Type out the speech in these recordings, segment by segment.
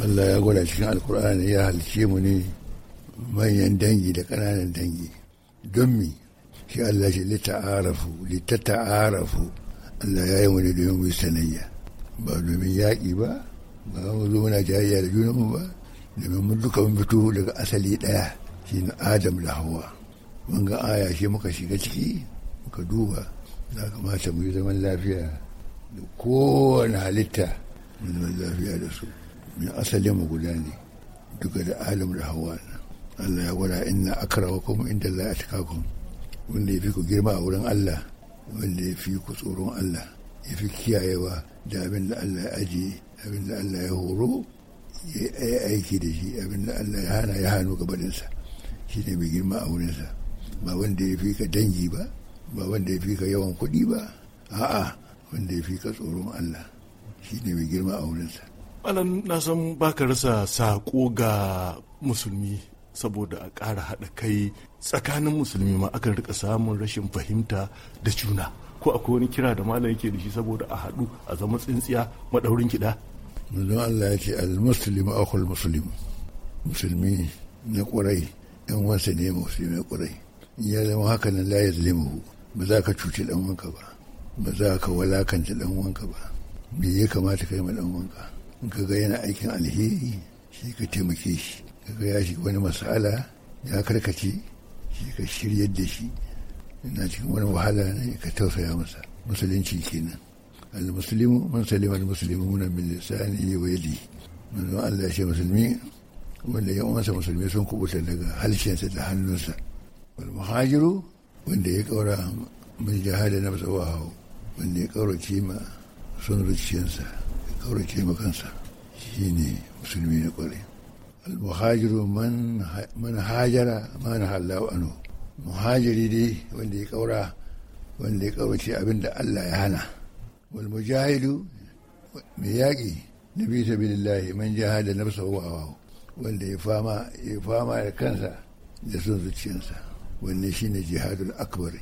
Allah ya gwada cikin alkur'ani ya halice mu ne manyan dangi da ƙananan dangi don mi shi Allah shi lita'arafu lita'arafu Allah ya yi mu ne domin mu sanayya ba domin yaƙi ba ba mu zo muna jayayya da junanmu ba domin mun duka mun fito daga asali ɗaya shi na Adam da Hawwa mun ga aya shi muka shiga ciki muka duba ya kamata mu yi zaman lafiya da kowane halitta mu zaman lafiya da su asalin mu guda ne duka da adam da hawa Allah ya gwada inna akrawakum inda Allah ya atakakum wanda ya fi ku girma a wurin Allah wanda ya fi ku tsoron Allah ya fi kiyayewa da abin da Allah ya ajiye abin da Allah ya horo ya yi aiki da shi abin da Allah ya hana ya hannu gabaninsa shi ne mai girma a wurinsa ba wanda ya fi ka dangi ba ba wanda ya fi ka yawan kuɗi ba a'a wanda ya fi ka tsoron Allah shi ne mai girma a wurinsa malam na san baka rasa saƙo ga musulmi saboda a ƙara haɗa kai tsakanin musulmi ma akan rika samun rashin fahimta da juna ko akwai wani kira da malam yake da shi saboda a haɗu a zama tsintsiya maɗaurin kiɗa Mazan Allah ya ce al-muslim akhul muslim musulmi na ƙurai yan wasa ne musulmi na ƙurai ya zama haka nan la yazlimu ba za ka cuci ɗan wanka ba ba za ka walakanta ɗan wanka ba me ya kamata ka yi ma ɗan wanka kaga yana aikin alheri shi ka taimake shi kaga ya shiga wani masala ya karkace shi ka shiryar da shi yana cikin wani wahala ne ka tausaya masa musulunci kenan almuslimu man salima almuslimu muna min lisani wa yadi manzon Allah ya ce musulmi wanda ya musulmi sun kubuta daga halshensa da hannunsa wal muhajiru wanda ya kaura mai da na wa wanda ya kaurace ma sun zuciyarsa مكان سر شيني مسلمين قولي المهاجر من من هاجر ما نهى الله عنه مهاجر دي واللي كورا واللي كورا شيء أبن الله يهنا والمجاهد مياقي نبي سبيل الله من جاهد نفسه وهواه واللي يفاما يفاما ya fama da kansa da son zuciyarsa wannan shine jihadul akbar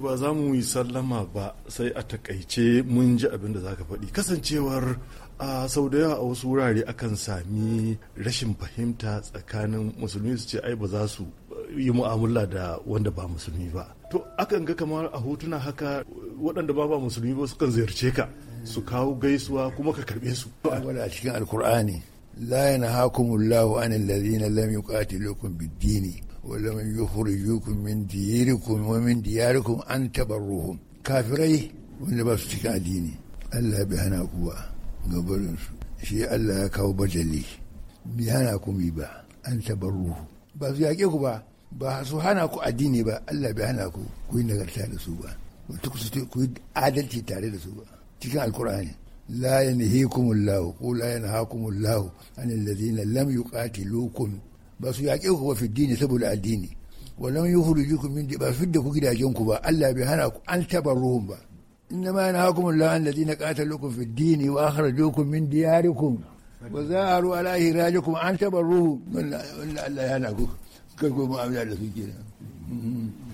ba za mu yi sallama ba sai a takaice mun ji abin da za ka faɗi kasancewar a sau da yawa a wasu wurare akan sami rashin fahimta tsakanin musulmi su ce ai ba za su eh, yi mu'amala da wanda ba musulmi ba to akan ga kamar a hotuna haka waɗanda ba ba musulmi ba sukan ziyarce ka su kawo gaisuwa kuma ka karɓe su a cikin alkur'ani la yanhaakumullahu anil ladina lam yuqatilukum bid-dini ولمن يخرجوكم من ديركم ومن دياركم أن تبروهم كافريه وإن بس تكا ديني ألا بهنا قوة قبل شيء ألا كاو بجلي بهنا كم يبا أن تبروهم بس ياكي قوة بس هنا كو أديني با ألا بهنا كو كوين نغرتها سوبا وتكسطي كوين عادلتي تاري سوبا تيكا القرآن لا ينهيكم الله قل لا ينهاكم الله عن الذين لم يقاتلوكم basu su ku ba fiddini saboda addini wannan yi hudu jikun min ba su fidda ku gidajenku ba Allah bai hana ku an taɓa ruhun ba inna ma yana hakumun la'an da zina ƙata lukun fiddini wa akhara ba za a ruwa lahi raji kuma an taɓa ruhun wanda Allah ya hana ku kai ko mu'amala da su kenan. Mm-hmm.